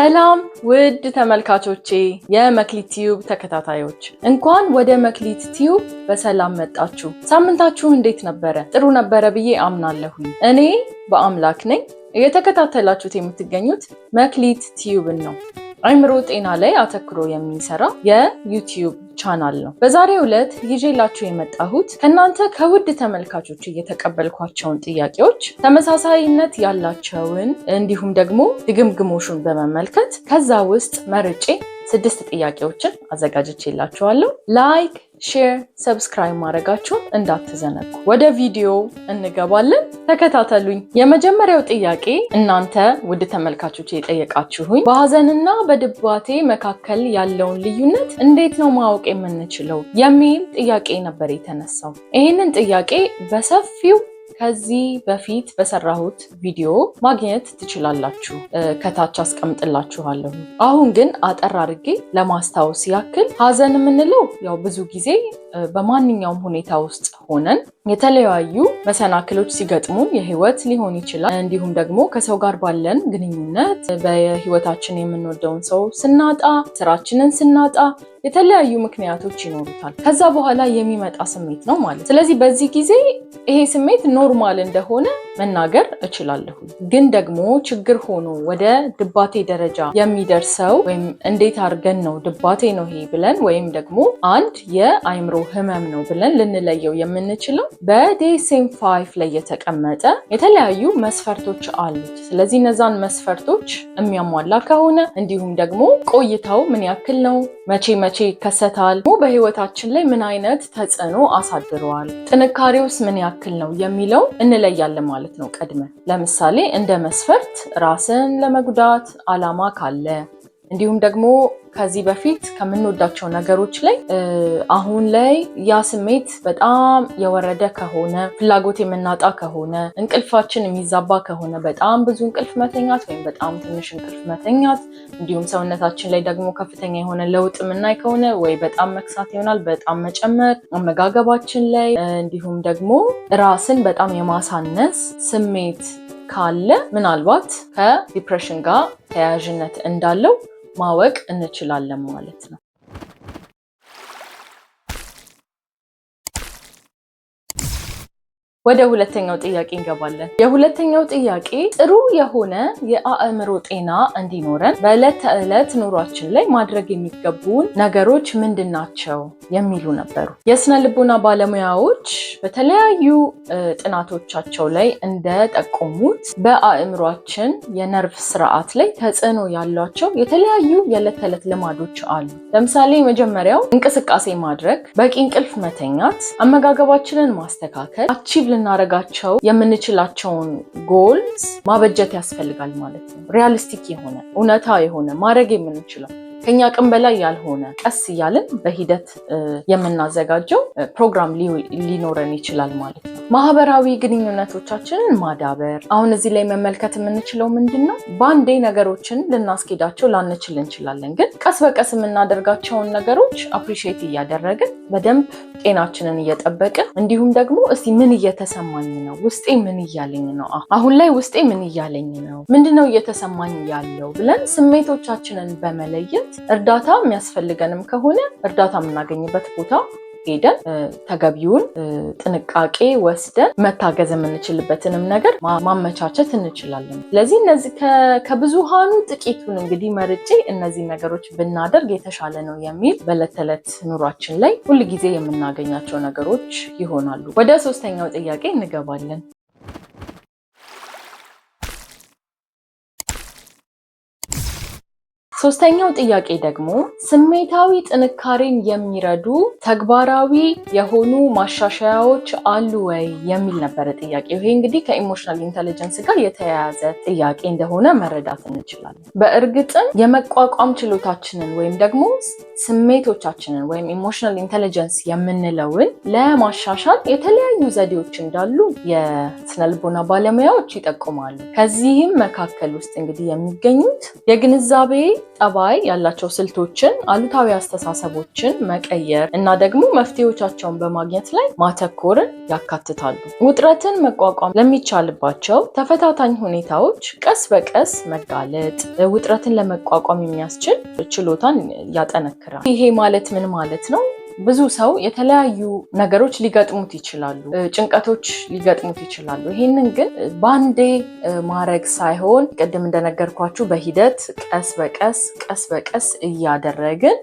ሰላም ውድ ተመልካቾቼ የመክሊት ቲዩብ ተከታታዮች እንኳን ወደ መክሊት ቲዩብ በሰላም መጣችሁ። ሳምንታችሁ እንዴት ነበረ? ጥሩ ነበረ ብዬ አምናለሁኝ። እኔ በአምላክ ነኝ። እየተከታተላችሁት የምትገኙት መክሊት ቲዩብን ነው። አይምሮ ጤና ላይ አተኩሮ የሚሰራ የዩቲዩብ ቻናል ነው። በዛሬው ዕለት ይዤላችሁ የመጣሁት ከእናንተ ከውድ ተመልካቾች እየተቀበልኳቸውን ጥያቄዎች ተመሳሳይነት ያላቸውን እንዲሁም ደግሞ ድግምግሞሹን በመመልከት ከዛ ውስጥ መርጬ ስድስት ጥያቄዎችን አዘጋጅቼላችኋለሁ። ላይክ፣ ሼር፣ ሰብስክራይብ ማድረጋችሁን እንዳትዘነጉ። ወደ ቪዲዮ እንገባለን። ተከታተሉኝ። የመጀመሪያው ጥያቄ እናንተ ውድ ተመልካቾች የጠየቃችሁኝ በሀዘንና በድባቴ መካከል ያለውን ልዩነት እንዴት ነው ማወቅ የምንችለው የሚል ጥያቄ ነበር የተነሳው። ይህንን ጥያቄ በሰፊው ከዚህ በፊት በሰራሁት ቪዲዮ ማግኘት ትችላላችሁ፣ ከታች አስቀምጥላችኋለሁ። አሁን ግን አጠር አድርጌ ለማስታወስ ያክል ሀዘን የምንለው ያው ብዙ ጊዜ በማንኛውም ሁኔታ ውስጥ ሆነን የተለያዩ መሰናክሎች ሲገጥሙን የህይወት ሊሆን ይችላል። እንዲሁም ደግሞ ከሰው ጋር ባለን ግንኙነት በህይወታችን የምንወደውን ሰው ስናጣ፣ ስራችንን ስናጣ የተለያዩ ምክንያቶች ይኖሩታል። ከዛ በኋላ የሚመጣ ስሜት ነው ማለት። ስለዚህ በዚህ ጊዜ ይሄ ስሜት ኖርማል እንደሆነ መናገር እችላለሁ። ግን ደግሞ ችግር ሆኖ ወደ ድባቴ ደረጃ የሚደርሰው ወይም እንዴት አድርገን ነው ድባቴ ነው ይሄ ብለን ወይም ደግሞ አንድ የአይምሮ ህመም ነው ብለን ልንለየው የምንችለው በዴሴም ፋይፍ ላይ የተቀመጠ የተለያዩ መስፈርቶች አሉት። ስለዚህ እነዛን መስፈርቶች የሚያሟላ ከሆነ እንዲሁም ደግሞ ቆይታው ምን ያክል ነው፣ መቼ መቼ ይከሰታል፣ በህይወታችን ላይ ምን አይነት ተጽዕኖ አሳድረዋል፣ ጥንካሬውስ ምን ያክል ነው የሚለው እንለያለን ማለት ነው። ቀድመ ለምሳሌ እንደ መስፈርት ራስን ለመጉዳት አላማ ካለ እንዲሁም ደግሞ ከዚህ በፊት ከምንወዳቸው ነገሮች ላይ አሁን ላይ ያ ስሜት በጣም የወረደ ከሆነ ፍላጎት የምናጣ ከሆነ እንቅልፋችን የሚዛባ ከሆነ በጣም ብዙ እንቅልፍ መተኛት ወይም በጣም ትንሽ እንቅልፍ መተኛት እንዲሁም ሰውነታችን ላይ ደግሞ ከፍተኛ የሆነ ለውጥ የምናይ ከሆነ ወይ በጣም መክሳት ይሆናል፣ በጣም መጨመር አመጋገባችን ላይ እንዲሁም ደግሞ ራስን በጣም የማሳነስ ስሜት ካለ ምናልባት ከዲፕሬሽን ጋር ተያያዥነት እንዳለው ማወቅ እንችላለን ማለት ነው። ወደ ሁለተኛው ጥያቄ እንገባለን። የሁለተኛው ጥያቄ ጥሩ የሆነ የአእምሮ ጤና እንዲኖረን በዕለት ተዕለት ኑሯችን ላይ ማድረግ የሚገቡን ነገሮች ምንድን ናቸው የሚሉ ነበሩ። የስነ ልቦና ባለሙያዎች በተለያዩ ጥናቶቻቸው ላይ እንደጠቆሙት በአእምሯችን የነርቭ ስርዓት ላይ ተጽዕኖ ያሏቸው የተለያዩ የዕለት ተዕለት ልማዶች አሉ። ለምሳሌ መጀመሪያው እንቅስቃሴ ማድረግ፣ በቂ እንቅልፍ መተኛት፣ አመጋገባችንን ማስተካከል አቺቭ ልናደርጋቸው የምንችላቸውን ጎልስ ማበጀት ያስፈልጋል ማለት ነው። ሪያሊስቲክ የሆነ እውነታ የሆነ ማድረግ የምንችለው ከኛ አቅም በላይ ያልሆነ ቀስ እያልን በሂደት የምናዘጋጀው ፕሮግራም ሊኖረን ይችላል ማለት ነው። ማህበራዊ ግንኙነቶቻችንን ማዳበር አሁን እዚህ ላይ መመልከት የምንችለው ምንድን ነው? በአንዴ ነገሮችን ልናስኬዳቸው ላንችል እንችላለን። ግን ቀስ በቀስ የምናደርጋቸውን ነገሮች አፕሪሺየት እያደረግን በደንብ ጤናችንን እየጠበቅን እንዲሁም ደግሞ እስቲ ምን እየተሰማኝ ነው፣ ውስጤ ምን እያለኝ ነው፣ አሁን ላይ ውስጤ ምን እያለኝ ነው፣ ምንድነው እየተሰማኝ ያለው ብለን ስሜቶቻችንን በመለየት ማለት እርዳታ የሚያስፈልገንም ከሆነ እርዳታ የምናገኝበት ቦታ ሄደን ተገቢውን ጥንቃቄ ወስደን መታገዝ የምንችልበትንም ነገር ማመቻቸት እንችላለን። ስለዚህ እነዚህ ከብዙሃኑ ጥቂቱን እንግዲህ መርጬ እነዚህ ነገሮች ብናደርግ የተሻለ ነው የሚል በዕለት ተዕለት ኑሯችን ላይ ሁልጊዜ የምናገኛቸው ነገሮች ይሆናሉ። ወደ ሶስተኛው ጥያቄ እንገባለን። ሶስተኛው ጥያቄ ደግሞ ስሜታዊ ጥንካሬን የሚረዱ ተግባራዊ የሆኑ ማሻሻያዎች አሉ ወይ የሚል ነበረ ጥያቄ ይሄ እንግዲህ ከኢሞሽናል ኢንቴሊጀንስ ጋር የተያያዘ ጥያቄ እንደሆነ መረዳት እንችላለን። በእርግጥም የመቋቋም ችሎታችንን ወይም ደግሞ ስሜቶቻችንን ወይም ኢሞሽናል ኢንቴሊጀንስ የምንለውን ለማሻሻል የተለያዩ ዘዴዎች እንዳሉ የስነልቦና ባለሙያዎች ይጠቁማሉ። ከዚህም መካከል ውስጥ እንግዲህ የሚገኙት የግንዛቤ ጠባይ ያላቸው ስልቶችን፣ አሉታዊ አስተሳሰቦችን መቀየር እና ደግሞ መፍትሄዎቻቸውን በማግኘት ላይ ማተኮርን ያካትታሉ። ውጥረትን መቋቋም ለሚቻልባቸው ተፈታታኝ ሁኔታዎች ቀስ በቀስ መጋለጥ ውጥረትን ለመቋቋም የሚያስችል ችሎታን ያጠነክራል። ይሄ ማለት ምን ማለት ነው? ብዙ ሰው የተለያዩ ነገሮች ሊገጥሙት ይችላሉ፣ ጭንቀቶች ሊገጥሙት ይችላሉ። ይህንን ግን በአንዴ ማድረግ ሳይሆን ቅድም እንደነገርኳችሁ በሂደት ቀስ በቀስ ቀስ በቀስ እያደረግን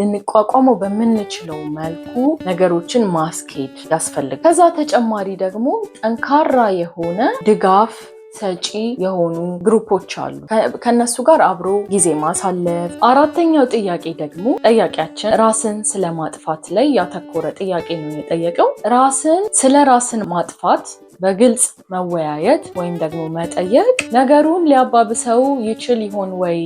ልንቋቋመው በምንችለው መልኩ ነገሮችን ማስኬድ ያስፈልጋል። ከዛ ተጨማሪ ደግሞ ጠንካራ የሆነ ድጋፍ ሰጪ የሆኑ ግሩፖች አሉ። ከነሱ ጋር አብሮ ጊዜ ማሳለፍ። አራተኛው ጥያቄ ደግሞ ጠያቂያችን ራስን ስለ ማጥፋት ላይ ያተኮረ ጥያቄ ነው የጠየቀው። ራስን ስለ ራስን ማጥፋት በግልጽ መወያየት ወይም ደግሞ መጠየቅ ነገሩን ሊያባብሰው ይችል ይሆን ወይ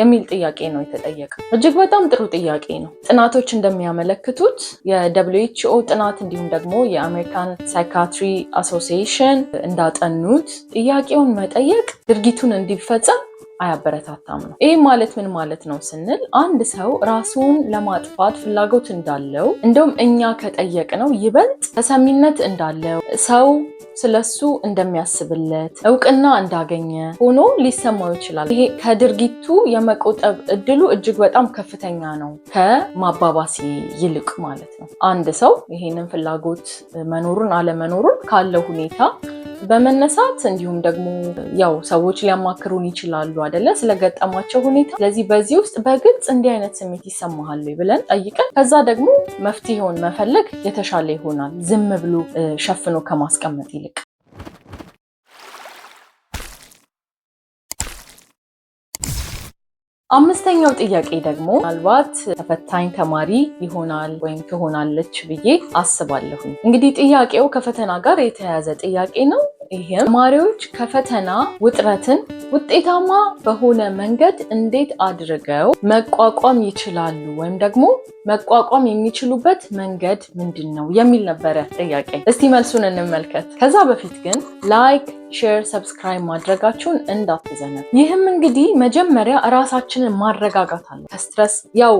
የሚል ጥያቄ ነው የተጠየቀ። እጅግ በጣም ጥሩ ጥያቄ ነው። ጥናቶች እንደሚያመለክቱት የደብሊው ኤች ኦ ጥናት እንዲሁም ደግሞ የአሜሪካን ሳይካትሪ አሶሲዬሽን እንዳጠኑት ጥያቄውን መጠየቅ ድርጊቱን እንዲፈጸም አያበረታታም ነው። ይህ ማለት ምን ማለት ነው ስንል አንድ ሰው ራሱን ለማጥፋት ፍላጎት እንዳለው እንደውም እኛ ከጠየቅ ነው ይበልጥ ተሰሚነት እንዳለው ሰው ስለሱ እንደሚያስብለት እውቅና እንዳገኘ ሆኖ ሊሰማው ይችላል። ይሄ ከድርጊቱ የመቆጠብ እድሉ እጅግ በጣም ከፍተኛ ነው፣ ከማባባሲ ይልቅ ማለት ነው። አንድ ሰው ይሄንን ፍላጎት መኖሩን አለመኖሩን ካለው ሁኔታ በመነሳት እንዲሁም ደግሞ ያው ሰዎች ሊያማክሩን ይችላሉ አደለ? ስለገጠማቸው ሁኔታ። ስለዚህ በዚህ ውስጥ በግልጽ እንዲህ አይነት ስሜት ይሰማሃል ብለን ጠይቀን ከዛ ደግሞ መፍትሄውን መፈለግ የተሻለ ይሆናል፣ ዝም ብሎ ሸፍኖ ከማስቀመጥ ይልቅ። አምስተኛው ጥያቄ ደግሞ ምናልባት ተፈታኝ ተማሪ ይሆናል ወይም ትሆናለች ብዬ አስባለሁ። እንግዲህ ጥያቄው ከፈተና ጋር የተያያዘ ጥያቄ ነው። ይህም ተማሪዎች ከፈተና ውጥረትን ውጤታማ በሆነ መንገድ እንዴት አድርገው መቋቋም ይችላሉ ወይም ደግሞ መቋቋም የሚችሉበት መንገድ ምንድን ነው የሚል ነበረ ጥያቄ። እስቲ መልሱን እንመልከት። ከዛ በፊት ግን ላይክ ሼር፣ ሰብስክራይብ ማድረጋችሁን እንዳትዘነብ ይህም እንግዲህ መጀመሪያ እራሳችንን ማረጋጋት አለ ከስትረስ ያው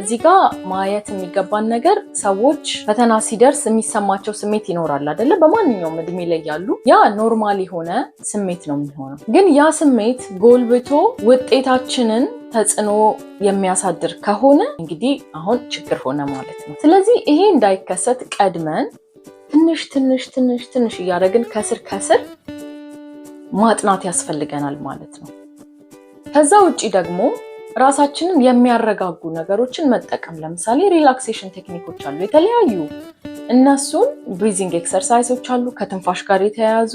እዚህ ጋ ማየት የሚገባን ነገር ሰዎች ፈተና ሲደርስ የሚሰማቸው ስሜት ይኖራል አይደለ? በማንኛውም እድሜ ላይ ያሉ ያ ኖርማል የሆነ ስሜት ነው የሚሆነው። ግን ያ ስሜት ጎልብቶ ውጤታችንን ተጽዕኖ የሚያሳድር ከሆነ እንግዲህ አሁን ችግር ሆነ ማለት ነው። ስለዚህ ይሄ እንዳይከሰት ቀድመን ትንሽ ትንሽ ትንሽ ትንሽ እያደረግን ከስር ከስር ማጥናት ያስፈልገናል ማለት ነው። ከዛ ውጭ ደግሞ ራሳችንን የሚያረጋጉ ነገሮችን መጠቀም ለምሳሌ ሪላክሴሽን ቴክኒኮች አሉ የተለያዩ እነሱን ብሪዚንግ ኤክሰርሳይሶች አሉ ከትንፋሽ ጋር የተያያዙ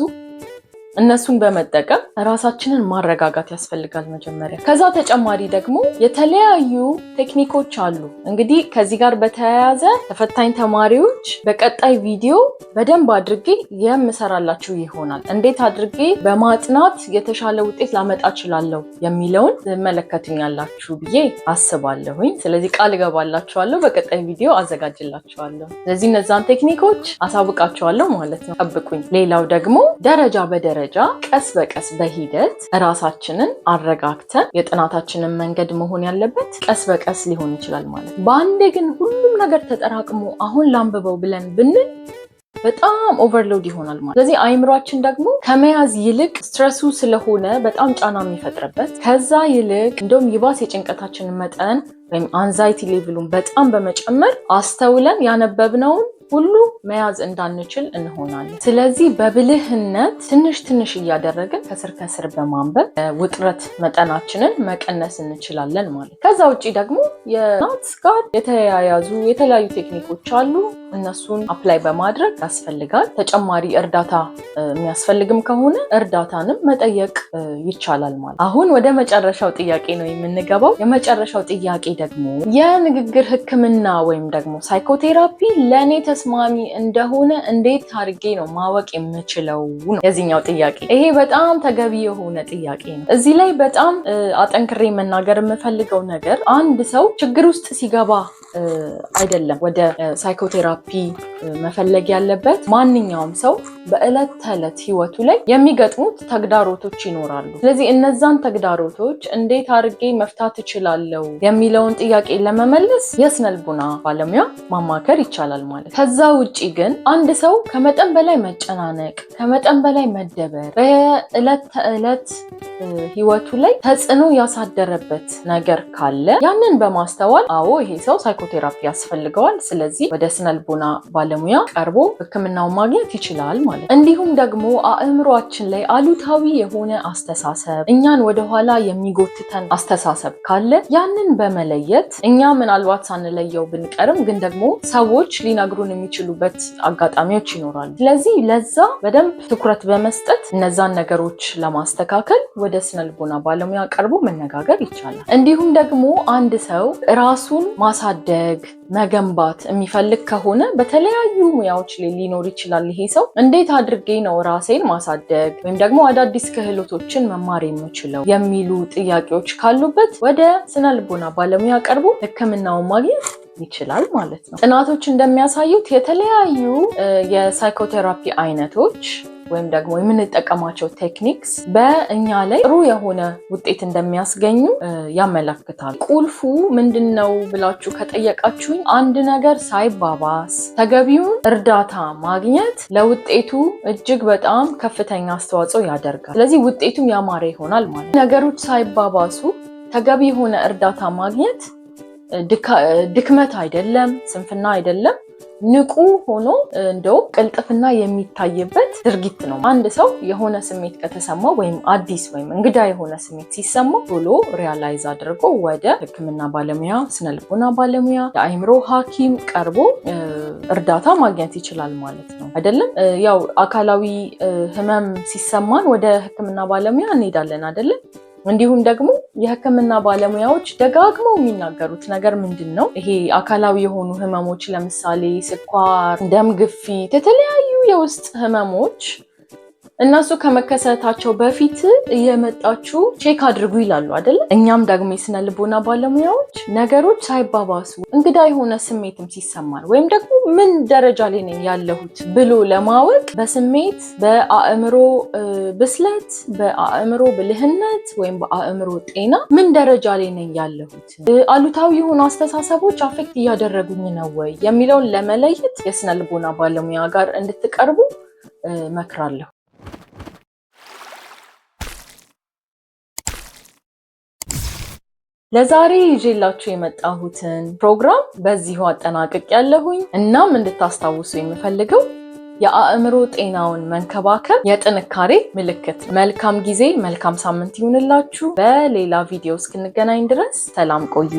እነሱን በመጠቀም ራሳችንን ማረጋጋት ያስፈልጋል መጀመሪያ። ከዛ ተጨማሪ ደግሞ የተለያዩ ቴክኒኮች አሉ። እንግዲህ ከዚህ ጋር በተያያዘ ተፈታኝ ተማሪዎች በቀጣይ ቪዲዮ በደንብ አድርጌ የምሰራላችሁ ይሆናል። እንዴት አድርጌ በማጥናት የተሻለ ውጤት ላመጣ እችላለሁ የሚለውን ትመለከቱኛላችሁ ብዬ አስባለሁኝ። ስለዚህ ቃል እገባላችኋለሁ፣ በቀጣይ ቪዲዮ አዘጋጅላችኋለሁ። ስለዚህ እነዛን ቴክኒኮች አሳውቃችኋለሁ ማለት ነው። ጠብቁኝ። ሌላው ደግሞ ደረጃ በደረጃ ደረጃ ቀስ በቀስ በሂደት እራሳችንን አረጋግተን የጥናታችንን መንገድ መሆን ያለበት ቀስ በቀስ ሊሆን ይችላል ማለት ነው። በአንዴ ግን ሁሉም ነገር ተጠራቅሞ አሁን ላንብበው ብለን ብንል በጣም ኦቨርሎድ ይሆናል ማለት። ስለዚህ አይምሯችን ደግሞ ከመያዝ ይልቅ ስትረሱ ስለሆነ በጣም ጫና የሚፈጥርበት ከዛ ይልቅ እንደውም ይባስ የጭንቀታችንን መጠን ወይም አንዛይቲ ሌቭሉን በጣም በመጨመር አስተውለን ያነበብነውን ሁሉ መያዝ እንዳንችል እንሆናለን። ስለዚህ በብልህነት ትንሽ ትንሽ እያደረግን ከስር ከስር በማንበብ ውጥረት መጠናችንን መቀነስ እንችላለን ማለት። ከዛ ውጭ ደግሞ የናት ጋር የተያያዙ የተለያዩ ቴክኒኮች አሉ። እነሱን አፕላይ በማድረግ ያስፈልጋል። ተጨማሪ እርዳታ የሚያስፈልግም ከሆነ እርዳታንም መጠየቅ ይቻላል ማለት። አሁን ወደ መጨረሻው ጥያቄ ነው የምንገባው። የመጨረሻው ጥያቄ ደግሞ የንግግር ሕክምና ወይም ደግሞ ሳይኮቴራፒ ለእኔ ተስማሚ እንደሆነ እንዴት አድርጌ ነው ማወቅ የምችለው ነው የዚህኛው ጥያቄ። ይሄ በጣም ተገቢ የሆነ ጥያቄ ነው። እዚህ ላይ በጣም አጠንክሬ መናገር የምፈልገው ነገር አንድ ሰው ችግር ውስጥ ሲገባ አይደለም ወደ ሳይኮቴራፒ ቴራፒ መፈለግ ያለበት ማንኛውም ሰው በዕለት ተዕለት ህይወቱ ላይ የሚገጥሙት ተግዳሮቶች ይኖራሉ። ስለዚህ እነዛን ተግዳሮቶች እንዴት አድርጌ መፍታት እችላለሁ የሚለውን ጥያቄ ለመመለስ የስነልቡና ባለሙያ ማማከር ይቻላል ማለት። ከዛ ውጪ ግን አንድ ሰው ከመጠን በላይ መጨናነቅ፣ ከመጠን በላይ መደበር በዕለት ተዕለት ህይወቱ ላይ ተጽዕኖ ያሳደረበት ነገር ካለ ያንን በማስተዋል አዎ ይሄ ሰው ሳይኮቴራፒ ያስፈልገዋል፣ ስለዚህ ወደ ስነል ልቦና ባለሙያ ቀርቦ ሕክምናውን ማግኘት ይችላል ማለት። እንዲሁም ደግሞ አእምሯችን ላይ አሉታዊ የሆነ አስተሳሰብ እኛን ወደኋላ የሚጎትተን አስተሳሰብ ካለ ያንን በመለየት እኛ ምናልባት ሳንለየው ብንቀርም ግን ደግሞ ሰዎች ሊነግሩን የሚችሉበት አጋጣሚዎች ይኖራሉ። ስለዚህ ለዛ በደንብ ትኩረት በመስጠት እነዛን ነገሮች ለማስተካከል ወደ ስነ ልቦና ባለሙያ ቀርቦ መነጋገር ይቻላል። እንዲሁም ደግሞ አንድ ሰው ራሱን ማሳደግ መገንባት የሚፈልግ ከሆነ በተለያዩ ሙያዎች ላይ ሊኖር ይችላል። ይሄ ሰው እንዴት አድርጌ ነው ራሴን ማሳደግ ወይም ደግሞ አዳዲስ ክህሎቶችን መማር የምችለው የሚሉ ጥያቄዎች ካሉበት ወደ ስነ ልቦና ባለሙያ ቀርቦ ሕክምናውን ማግኘት ይችላል ማለት ነው። ጥናቶች እንደሚያሳዩት የተለያዩ የሳይኮቴራፒ አይነቶች ወይም ደግሞ የምንጠቀማቸው ቴክኒክስ በእኛ ላይ ጥሩ የሆነ ውጤት እንደሚያስገኙ ያመለክታል። ቁልፉ ምንድን ነው ብላችሁ ከጠየቃችሁኝ አንድ ነገር ሳይባባስ ተገቢውን እርዳታ ማግኘት ለውጤቱ እጅግ በጣም ከፍተኛ አስተዋጽኦ ያደርጋል። ስለዚህ ውጤቱም ያማረ ይሆናል ማለት ነው። ነገሮች ሳይባባሱ ተገቢ የሆነ እርዳታ ማግኘት ድክመት አይደለም፣ ስንፍና አይደለም ንቁ ሆኖ እንደውም ቅልጥፍና የሚታይበት ድርጊት ነው። አንድ ሰው የሆነ ስሜት ከተሰማው ወይም አዲስ ወይም እንግዳ የሆነ ስሜት ሲሰማው ቶሎ ሪያላይዝ አድርጎ ወደ ሕክምና ባለሙያ፣ ስነልቦና ባለሙያ፣ የአይምሮ ሐኪም ቀርቦ እርዳታ ማግኘት ይችላል ማለት ነው። አይደለም ያው አካላዊ ህመም ሲሰማን ወደ ሕክምና ባለሙያ እንሄዳለን አይደለም እንዲሁም ደግሞ የህክምና ባለሙያዎች ደጋግመው የሚናገሩት ነገር ምንድን ነው? ይሄ አካላዊ የሆኑ ህመሞች ለምሳሌ ስኳር፣ ደም ግፊት፣ የተለያዩ የውስጥ ህመሞች እነሱ ከመከሰታቸው በፊት እየመጣችሁ ቼክ አድርጉ ይላሉ አይደለ? እኛም ደግሞ የስነ ልቦና ባለሙያዎች ነገሮች ሳይባባሱ እንግዳ የሆነ ስሜትም ሲሰማን ወይም ደግሞ ምን ደረጃ ላይ ነኝ ያለሁት ብሎ ለማወቅ በስሜት በአእምሮ ብስለት፣ በአእምሮ ብልህነት ወይም በአእምሮ ጤና ምን ደረጃ ላይ ነኝ ያለሁት፣ አሉታዊ የሆኑ አስተሳሰቦች አፌክት እያደረጉኝ ነው ወይ የሚለውን ለመለየት የስነ ልቦና ባለሙያ ጋር እንድትቀርቡ መክራለሁ። ለዛሬ ይዤላችሁ የመጣሁትን ፕሮግራም በዚሁ አጠናቀቅ ያለሁኝ። እናም እንድታስታውሱ የምፈልገው የአእምሮ ጤናውን መንከባከብ የጥንካሬ ምልክት መልካም ጊዜ፣ መልካም ሳምንት ይሁንላችሁ። በሌላ ቪዲዮ እስክንገናኝ ድረስ ሰላም ቆይ